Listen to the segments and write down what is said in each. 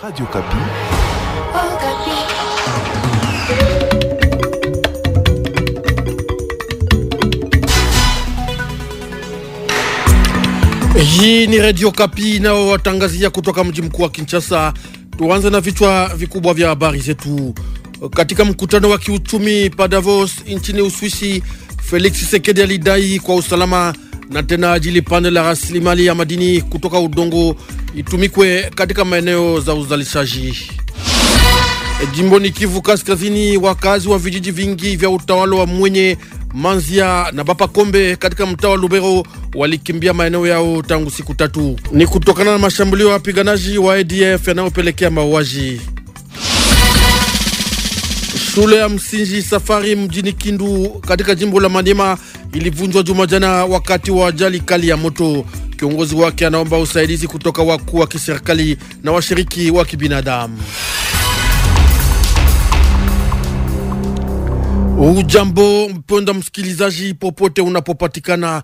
Radio Kapi. Oh, Kapi. Hii ni Radio Kapi nao watangazia kutoka mji mkuu wa Kinshasa. Tuanze na vichwa vikubwa vya habari zetu. Katika mkutano wa kiuchumi pa Davos nchini Uswisi, Felix Tshisekedi alidai kwa usalama na tena ajili pande la rasilimali ya madini kutoka udongo itumikwe katika maeneo za uzalishaji. E, Jimboni Kivu Kaskazini, wakazi wa vijiji vingi vya utawala wa Mwenye, Manzia na Bapa Kombe katika mtaa wa Lubero walikimbia maeneo yao tangu siku tatu, ni kutokana na mashambulio ya wapiganaji wa ADF yanayopelekea mauaji. Shule ya msingi Safari mjini Kindu katika jimbo la Maniema ilivunjwa Jumajana wakati wa ajali kali ya moto. Kiongozi wake anaomba usaidizi kutoka wakuu wa kiserikali na washiriki wa kibinadamu. Ujambo mpenda msikilizaji, popote unapopatikana,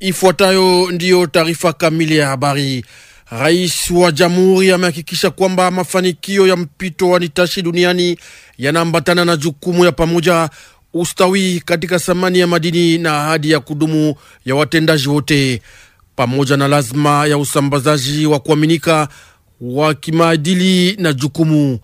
ifuatayo ndiyo taarifa kamili ya habari. Rais wa jamhuri amehakikisha kwamba mafanikio ya mpito wa nitashi duniani yanaambatana na jukumu ya pamoja, ustawi katika thamani ya madini na ahadi ya kudumu ya watendaji wote, pamoja na lazima ya usambazaji wa kuaminika wa kimaadili na jukumu.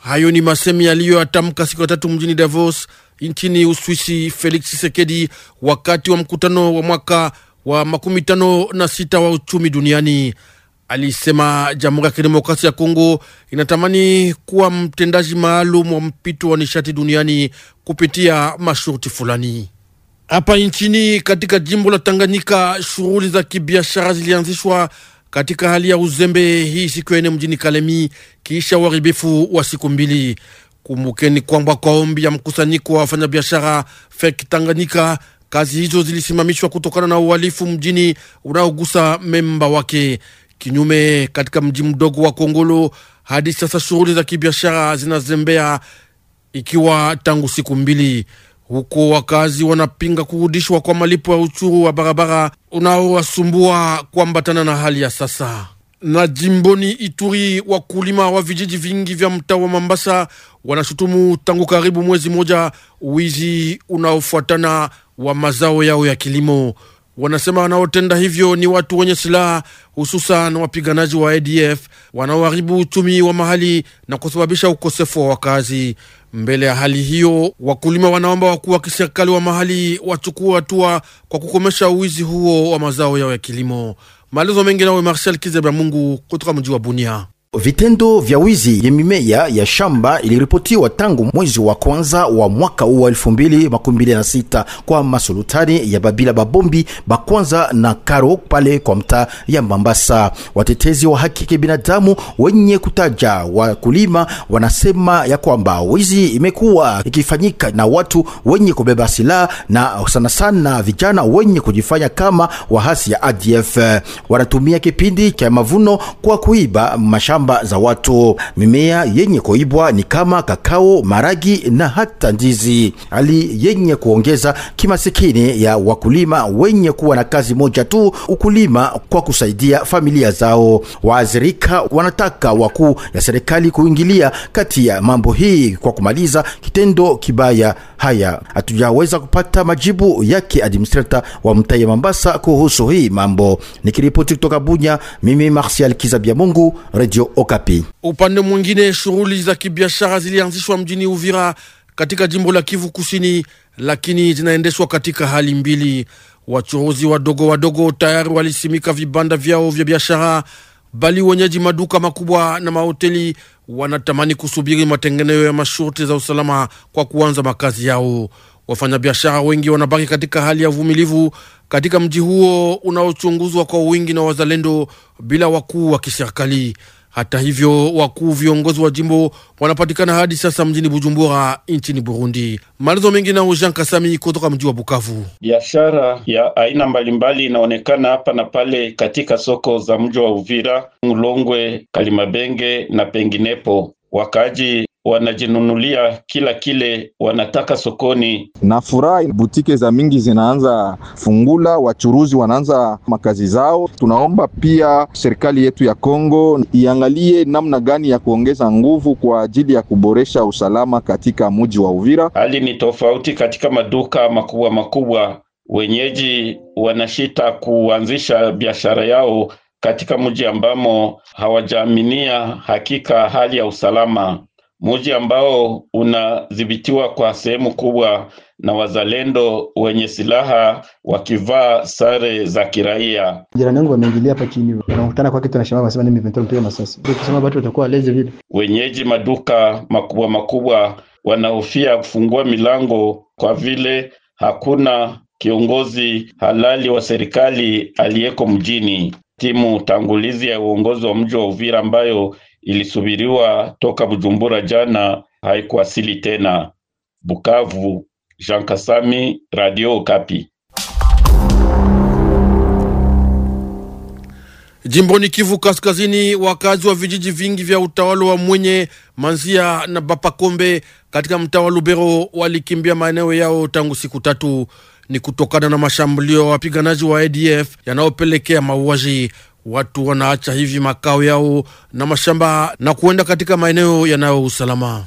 Hayo ni masemi aliyoyatamka siku ya tatu mjini Davos nchini Uswisi, Felix chisekedi wakati wa mkutano wa mwaka wa makumi tano na sita wa uchumi duniani alisema Jamhuri ya Kidemokrasia ya Kongo inatamani kuwa mtendaji maalum wa mpito wa nishati duniani kupitia masharti fulani. Hapa nchini katika jimbo la Tanganyika, shughuli za kibiashara zilianzishwa katika hali ya uzembe hii siku ya ine mjini Kalemi kisha uharibifu wa siku mbili. Kumbukeni kwamba kwa ombi ya mkusanyiko wa wafanyabiashara FEK Tanganyika, kazi hizo zilisimamishwa kutokana na uhalifu mjini unaogusa memba wake. Kinyume katika mji mdogo wa Kongolo, hadi sasa shughuli za kibiashara zinazembea ikiwa tangu siku mbili huko. Wakazi wanapinga kurudishwa kwa malipo ya uchuru wa barabara unaowasumbua kuambatana na hali ya sasa. Na jimboni Ituri, wakulima wa vijiji vingi vya mtaa wa Mambasa wanashutumu tangu karibu mwezi moja wizi unaofuatana wa mazao yao ya kilimo. Wanasema wanaotenda hivyo ni watu wenye silaha, hususan wapiganaji wa ADF wanaoharibu uchumi wa mahali na kusababisha ukosefu wa wakazi. Mbele ya hali hiyo, wakulima wanaomba wakuu wa kiserikali wa mahali wachukua hatua kwa kukomesha uwizi huo wa mazao yao ya kilimo. Maelezo mengi nawe Marshal Kizebra Mungu kutoka mji wa Bunia. Vitendo vya wizi ya mimea ya shamba iliripotiwa tangu mwezi wa kwanza wa mwaka huu wa sita kwa masulutani ya Babila Babombi Bakwanza na Karo pale kwa mtaa ya Mambasa. Watetezi wa haki ya binadamu wenye kutaja wakulima wanasema ya kwamba wizi imekuwa ikifanyika na watu wenye kubeba silaha na sana sana vijana wenye kujifanya kama wahasi ya ADF. Wanatumia kipindi cha mavuno kwa kuiba mashamba shamba za watu. Mimea yenye kuibwa ni kama kakao, maragi na hata ndizi, hali yenye kuongeza kimasikini ya wakulima wenye kuwa na kazi moja tu, ukulima kwa kusaidia familia zao. waazirika wanataka wakuu ya serikali kuingilia kati ya mambo hii kwa kumaliza kitendo kibaya. Haya hatujaweza kupata majibu yake administrator wa mtaya Mombasa kuhusu hii mambo. Nikiripoti kutoka Bunya, mimi Martial Kizabia Mungu, Radio Okapi. Upande mwingine, shughuli za kibiashara zilianzishwa mjini Uvira katika jimbo la Kivu Kusini, lakini zinaendeshwa katika hali mbili. Wachuruzi wadogo wadogo tayari walisimika vibanda vyao vya biashara, bali wenyeji maduka makubwa na mahoteli wanatamani kusubiri matengenezo ya masharti za usalama kwa kuanza makazi yao. Wafanyabiashara wengi wanabaki katika hali ya uvumilivu katika mji huo unaochunguzwa kwa wingi na wazalendo bila wakuu wa kiserikali. Hata hivyo, wakuu viongozi wa jimbo wanapatikana hadi sasa mjini Bujumbura nchini Burundi. Malizo mengi nao Jean Kasami kutoka mji wa Bukavu. Biashara ya aina mbalimbali inaonekana hapa na pale katika soko za mji wa Uvira, Mulongwe, Kalimabenge na penginepo. Wakaaji wanajinunulia kila kile wanataka sokoni. Na furahi butike za mingi zinaanza fungula, wachuruzi wanaanza makazi zao. Tunaomba pia serikali yetu ya Kongo iangalie namna gani ya kuongeza nguvu kwa ajili ya kuboresha usalama katika mji wa Uvira. Hali ni tofauti katika maduka makubwa makubwa, wenyeji wanashita kuanzisha biashara yao katika mji ambamo hawajaaminia hakika hali ya usalama mji ambao unadhibitiwa kwa sehemu kubwa na wazalendo wenye silaha wakivaa sare za kiraia. Jirani yangu wameingilia hapa chini, wanakutana kwa kitu na shamba, wanasema mimi nimetoa mpiga masasi, ndio kusema watu watakuwa lezi vile. Wenyeji maduka makubwa makubwa wanahofia kufungua milango kwa vile hakuna kiongozi halali wa serikali aliyeko mjini. Timu tangulizi ya uongozi wa mji wa Uvira ambayo ilisubiriwa toka Bujumbura jana haikuwasili tena. Bukavu, Jean Kasami, Radio Okapi. Jimboni Kivu Kaskazini, wakazi wa vijiji vingi vya utawala wa Mwenye, Manzia na Bapakombe katika mtaa wa Lubero walikimbia maeneo yao tangu siku tatu. Ni kutokana na mashambulio ya wapiganaji wa ADF yanayopelekea mauaji watu wanaacha hivi makao yao na mashamba na kuenda katika maeneo yanayo usalama.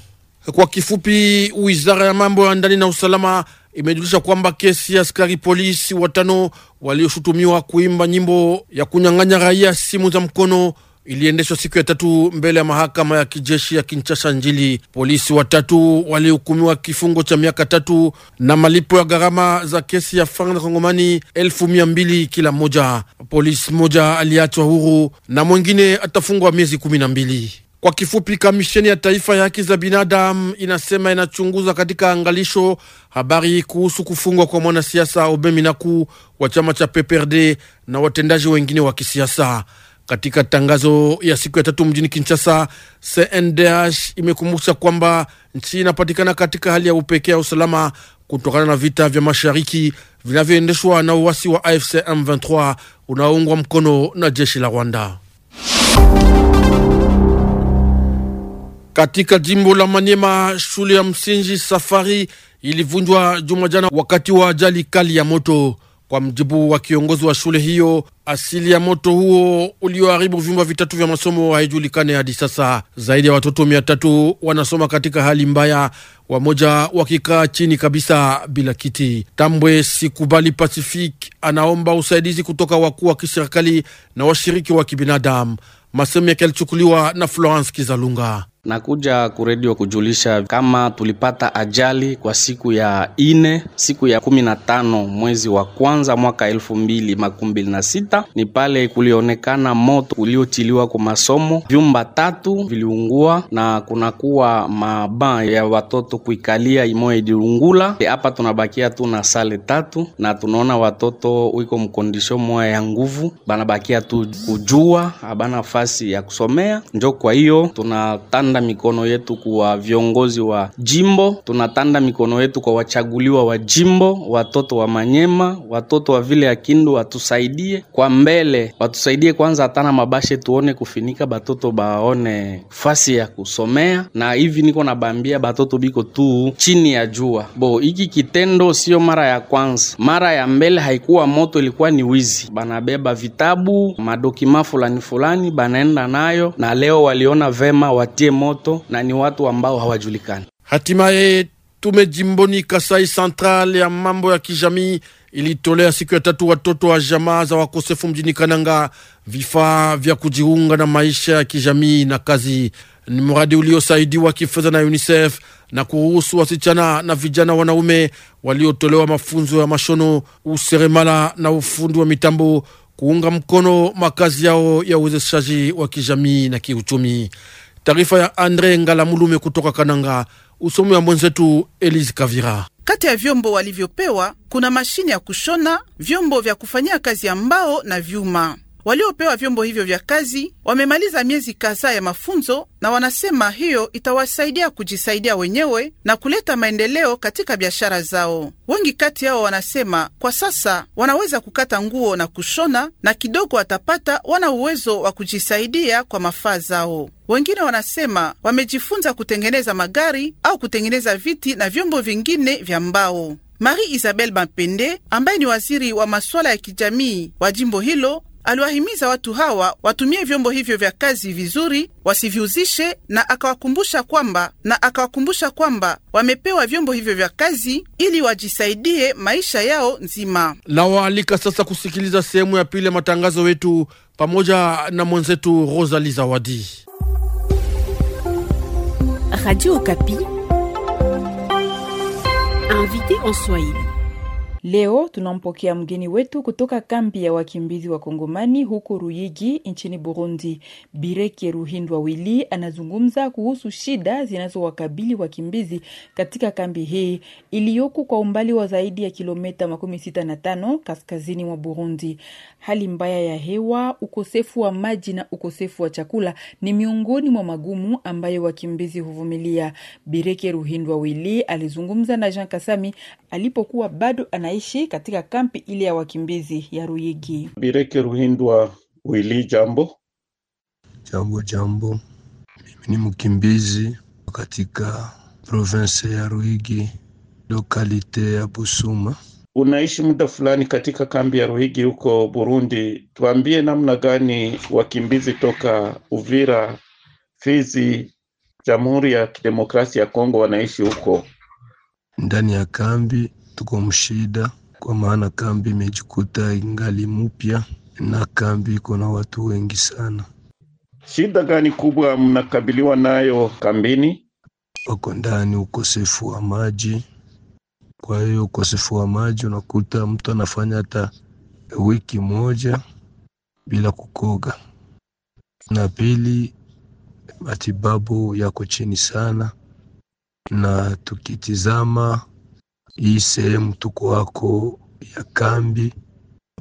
Kwa kifupi, wizara ya mambo ya ndani na usalama imejulisha kwamba kesi ya askari polisi watano walioshutumiwa kuimba nyimbo ya kunyang'anya raia simu za mkono iliendeshwa siku ya tatu mbele ya mahakama ya kijeshi ya Kinshasa Njili. Polisi watatu walihukumiwa kifungo cha miaka tatu na malipo ya gharama za kesi ya faranga kongomani elfu mia mbili kila moja. Polisi moja aliachwa huru na mwingine atafungwa miezi kumi na mbili. Kwa kifupi, kamisheni ya taifa ya haki za binadamu inasema inachunguza katika angalisho habari kuhusu kufungwa kwa mwanasiasa Obeminaku wa chama cha PPRD na watendaji wengine wa kisiasa. Katika tangazo ya siku ya tatu mjini Kinshasa, CNDH imekumbusha kwamba nchi inapatikana katika hali ya upekee ya usalama kutokana na vita vya mashariki vinavyoendeshwa na uasi wa AFC M23 unaoungwa mkono na jeshi la Rwanda. Katika jimbo la Manyema, shule ya msingi Safari ilivunjwa juma jana wakati wa ajali kali ya moto. Kwa mjibu wa kiongozi wa shule hiyo, asili ya moto huo ulioharibu vyumba vitatu vya masomo haijulikane hadi sasa. Zaidi ya watoto mia tatu wanasoma katika hali mbaya, wamoja wakikaa chini kabisa bila kiti. Tambwe Sikubali Pacific anaomba usaidizi kutoka wakuu wa kiserikali na washiriki wa kibinadamu. Masemu yake yalichukuliwa na Florence Kizalunga. Nakuja kuredio kujulisha kama tulipata ajali kwa siku ya ine, siku ya kumi na tano mwezi wa kwanza mwaka elfu mbili makumi mbili na sita ni pale kulionekana moto uliotiliwa kwa masomo, vyumba tatu viliungua na kunakuwa maba ya watoto kuikalia imoya ilirungula Hapa tunabakia tu na sale tatu na tunaona watoto wiko mkondisho moya ya nguvu, banabakia tu kujua abana fasi ya kusomea, njo kwa hiyo tunatana tunatanda mikono yetu kwa viongozi wa jimbo, tunatanda mikono yetu kwa wachaguliwa wa jimbo, watoto wa Manyema, watoto wa vile ya Kindu watusaidie kwa mbele, watusaidie kwanza hata na mabashe tuone kufinika batoto baone fasi ya kusomea. Na hivi niko nabambia batoto biko tu chini ya jua bo, iki kitendo sio mara ya kwanza. Mara ya mbele haikuwa moto, ilikuwa ni wizi, banabeba vitabu madokima fulani fulani banaenda nayo, na leo waliona vema watie moto na ni watu ambao hawajulikani. Hatimaye tume jimboni Kasai Central ya mambo ya kijamii ilitolea siku ya tatu watoto wa jamaa za wakosefu mjini Kananga vifaa vya kujiunga na maisha ya kijamii na kazi. Ni mradi uliosaidiwa kifedha na UNICEF na kuruhusu wasichana na vijana wanaume waliotolewa mafunzo ya mashono, useremala na ufundi wa mitambo kuunga mkono makazi yao ya uwezeshaji wa kijamii na kiuchumi. Taarifa ya Andre mulume kutoka Kananga, usomi wa mwenzetu Elise Kavira. Kati ya vyombo walivyopewa kuna mashine ya kushona, vyombo vya kufanyia kazi ya mbao na vyuma. Waliopewa vyombo hivyo vya kazi wamemaliza miezi kadhaa ya mafunzo na wanasema hiyo itawasaidia kujisaidia wenyewe na kuleta maendeleo katika biashara zao. Wengi kati yao wanasema kwa sasa wanaweza kukata nguo na kushona na kidogo watapata, wana uwezo wa kujisaidia kwa mafaa zao. Wengine wanasema wamejifunza kutengeneza magari au kutengeneza viti na vyombo vingine vya mbao. Marie Isabel Mapende ambaye ni waziri wa masuala ya kijamii wa jimbo hilo aliwahimiza watu hawa watumie vyombo hivyo vya kazi vizuri, wasiviuzishe na akawakumbusha kwamba na akawakumbusha kwamba wamepewa vyombo hivyo vya kazi ili wajisaidie maisha yao nzima. Nawaalika sasa kusikiliza sehemu ya pili ya matangazo yetu pamoja na mwenzetu rosali Zawadi. Radio Okapi, invité en Swahili. Leo tunampokea mgeni wetu kutoka kambi ya wakimbizi wa Kongomani huko Ruyigi nchini Burundi. Bireke Ruhindwa Wili anazungumza kuhusu shida zinazowakabili wakimbizi katika kambi hii iliyoko kwa umbali wa zaidi ya kilomita 65 kaskazini mwa Burundi. Hali mbaya ya hewa, ukosefu wa maji na ukosefu wa chakula ni miongoni mwa magumu ambayo wakimbizi huvumilia. Bireke Ruhindwa Wili alizungumza na Jean Kasami alipokuwa bado ana anaishi katika kampi ile ya wakimbizi ya Ruyigi. Bireke Ruhindwa Wili, jambo jambo jambo. Mimi ni mkimbizi katika province ya Ruhigi, lokalite ya Busuma. Unaishi muda fulani katika kambi ya Ruhigi huko Burundi. Tuambie namna gani wakimbizi toka Uvira, Fizi, Jamhuri ya Kidemokrasia ya Kongo wanaishi huko ndani ya kambi tuko mshida kwa maana kambi imejikuta ingali mupya na kambi iko na watu wengi sana. Shida gani kubwa mnakabiliwa nayo kambini? Wako ndani ukosefu wa maji. Kwa hiyo ukosefu wa maji unakuta mtu anafanya hata wiki moja bila kukoga, na pili, matibabu yako chini sana, na tukitizama hii sehemu tuko wako ya kambi,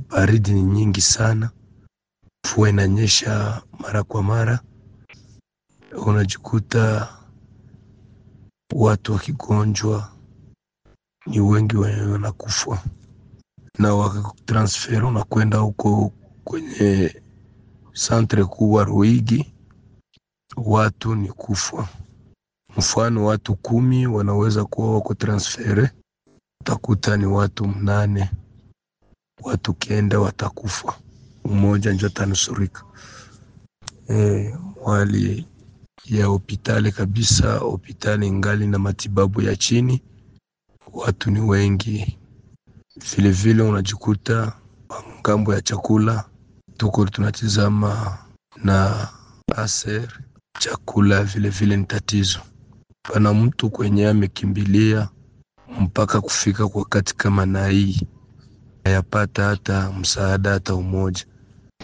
baridi ni nyingi sana, mvua inanyesha mara kwa mara, unajikuta watu wakigonjwa ni wengi wanakufa na wakakutransfera unakwenda huko kwenye santre kubwa Ruigi, watu ni kufa. Mfano watu kumi wanaweza kuwa wako transfere utakuta ni watu mnane, watu kenda watakufa, mmoja njo tanusurika E, wali ya hopitali kabisa, hopitali ngali na matibabu ya chini, watu ni wengi vilevile. Unajikuta ngambo ya chakula tuko tunatizama na aser chakula vilevile ni tatizo. Pana mtu kwenye amekimbilia mpaka kufika kwa wakati kama na hii hayapata hata msaada hata umoja.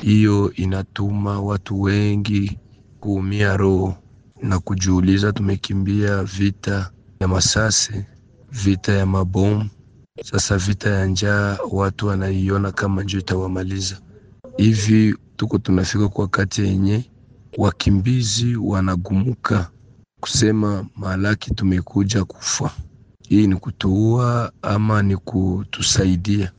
Hiyo inatuma watu wengi kuumia roho na kujiuliza, tumekimbia vita ya masasi, vita ya mabomu, sasa vita ya njaa watu wanaiona kama njo itawamaliza. Hivi tuko tunafika kwa kati yenye wakimbizi wanagumuka kusema malaki tumekuja kufa hii ni kutuua ama ni kutusaidia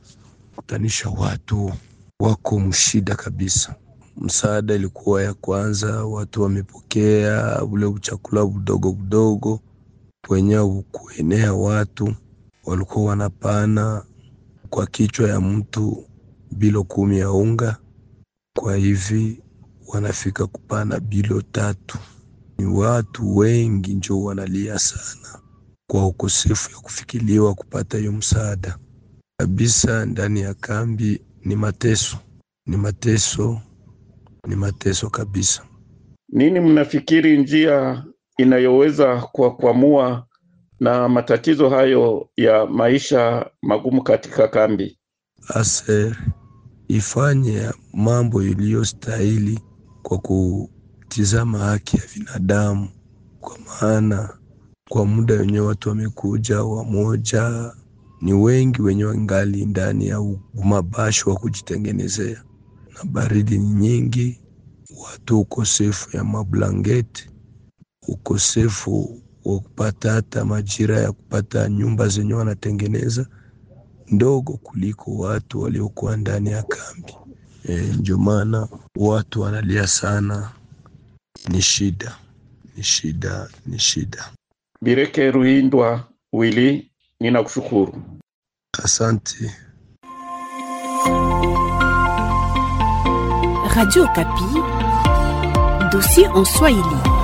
kutanisha watu wako mshida kabisa. Msaada ilikuwa ya kwanza, watu wamepokea ule uchakula budogo budogo kwenye kuenea, watu walikuwa wanapana kwa kichwa ya mtu bilo kumi ya unga, kwa hivi wanafika kupana bilo tatu. Ni watu wengi njo wanalia sana kwa ukosefu ya kufikiliwa kupata hiyo msaada kabisa. Ndani ya kambi ni mateso, ni mateso, ni mateso kabisa. Nini mnafikiri njia inayoweza kuwakwamua na matatizo hayo ya maisha magumu katika kambi? Aser ifanye mambo iliyostahili kwa kutizama haki ya binadamu, kwa maana kwa muda wenye watu wamekuja wamoja, ni wengi wenye wangali ndani ya mabashu wa kujitengenezea, na baridi ni nyingi, watu ukosefu ya mablangeti, ukosefu wa kupata hata majira ya kupata nyumba zenye wanatengeneza ndogo kuliko watu waliokuwa ndani ya kambi. E, ndio maana watu wanalia sana. Ni shida, ni shida, ni shida. Bireke Ruhindwa Wili, ninakushukuru. Asante. Radio Kapi, dossier en Swahili.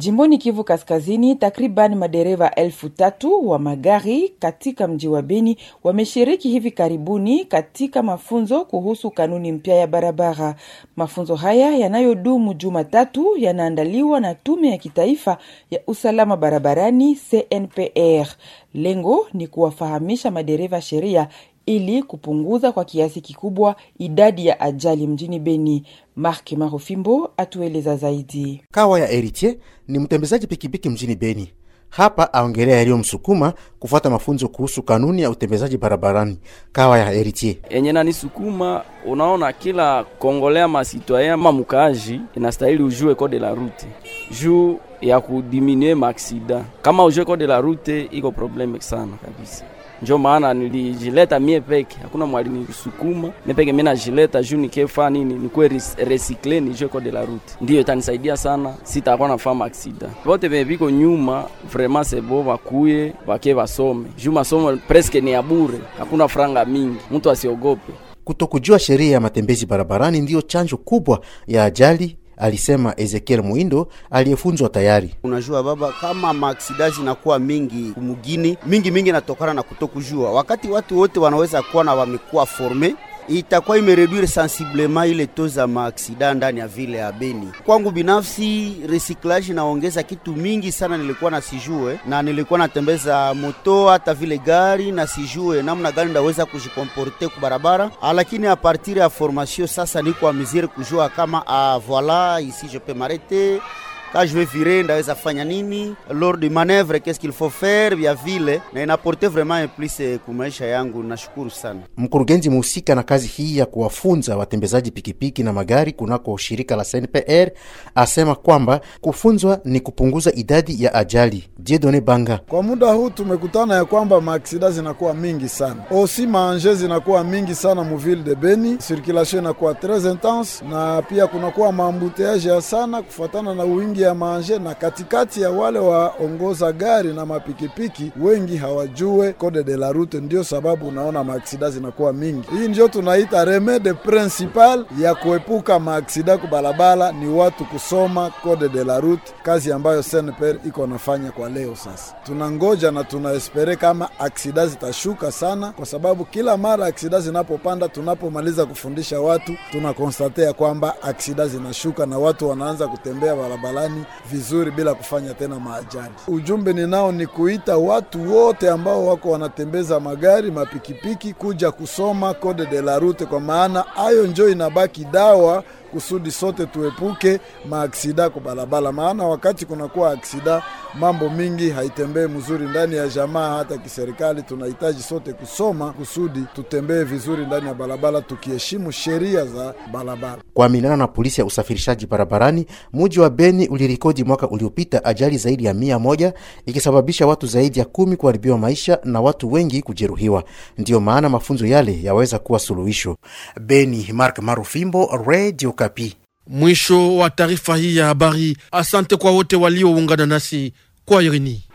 Jimboni Kivu Kaskazini, takriban madereva elfu tatu wa magari katika mji wa Beni wameshiriki hivi karibuni katika mafunzo kuhusu kanuni mpya ya barabara. Mafunzo haya yanayodumu juma tatu yanaandaliwa na Tume ya Kitaifa ya Usalama Barabarani, CNPR. Lengo ni kuwafahamisha madereva sheria ili kupunguza kwa kiasi kikubwa idadi ya ajali mjini Beni. Mark Marofimbo atueleza zaidi. Kawa ya Eritier ni mtembezaji pikipiki mjini Beni. Hapa aongelea yaliyomsukuma kufuata mafunzo kuhusu kanuni ya utembezaji barabarani. Kawa ya Eritier enye nanisukuma, unaona kila kongolea masitwaya ma mukaji inastahili ujue kode la rute juu ya kudiminue maksida Kama ujue kode la rute, iko probleme sana kabisa Njo maana nilijileta mie peke, hakuna mwalimu kusukuma mie peke, mimi najileta juu nikefa nini, nikuwe recycle ni jeko de la route, ndio itanisaidia sana, sitakuwa fama aksida. Wote venye viko nyuma vraiment sebo vakuye vake vasome juu masomo presque ni ya bure, hakuna franga mingi, mtu asiogope. Kutokujua sheria ya matembezi barabarani ndiyo chanjo kubwa ya ajali alisema Ezekiel Muindo aliyefunzwa tayari. Unajua baba, kama maaksida zinakuwa mingi kumugini mingi mingi, natokana na kutokujua wakati watu wote wanaweza kuwa na wamekuwa forme itakuwa imereduire sensiblema ile taux za maaksida ndani ya vile ya Beni. Kwangu binafsi, recyclage naongeza kitu mingi sana, nilikuwa na sijue na nilikuwa natembeza moto hata vile gari na sijue namna gani ndaweza kujikomporte ku barabara, ah, lakini a partir ya formation sasa niko amizire kujua kama a ah, voilà ici je peux m'arrêter quand je vais virer vais fanya nini lors du manevre, qu'est-ce qu'il faut faire vya vile, na inaporte vraiment plus eh, ku maisha yangu. Nashukuru sana mkurugenzi muhusika na kazi hii ya kuwafunza watembezaji pikipiki na magari kunako shirika la SNPR asema kwamba kufunzwa ni kupunguza idadi ya ajali. Jedone Banga: kwa muda huu tumekutana ya kwamba maaksida zinakuwa mingi sana, osi maanje zinakuwa mingi sana muvile de Beni, circulation inakuwa tres intense, na pia kunakuwa maambuteage ya sana kufuatana na wingi mingi ya manje, na katikati ya wale waongoza gari na mapikipiki wengi hawajue code de la route, ndio sababu unaona maaksida zinakuwa mingi. Hii ndio tunaita remede principal ya kuepuka maaksida kubalabala, ni watu kusoma code de la route, kazi ambayo SNPR iko nafanya kwa leo. Sasa tunangoja na tunaespere kama aksida zitashuka sana, kwa sababu kila mara aksida zinapopanda, tunapomaliza kufundisha watu tunakonstatea kwamba aksida zinashuka na watu wanaanza kutembea barabara fulani vizuri bila kufanya tena maajali. Ujumbe ninao ni kuita watu wote ambao wako wanatembeza magari, mapikipiki kuja kusoma code de la route, kwa maana hayo njo inabaki dawa kusudi sote tuepuke maaksida kwa barabara, maana wakati kunakuwa aksida mambo mingi haitembee mzuri ndani ya jamaa, hata kiserikali. Tunahitaji sote kusoma kusudi tutembee vizuri ndani ya barabara, tukiheshimu sheria za barabara. Kuaminana na polisi ya usafirishaji barabarani, muji wa Beni ulirikodi mwaka uliopita ajali zaidi ya mia moja ikisababisha watu zaidi ya kumi kuharibiwa maisha na watu wengi kujeruhiwa. Ndiyo maana mafunzo yale yaweza kuwa suluhisho. Beni, Mark Marufimbo, Radio Okapi. Mwisho wa taarifa hii ya habari. Asante kwa wote walioungana nasi kwa irini.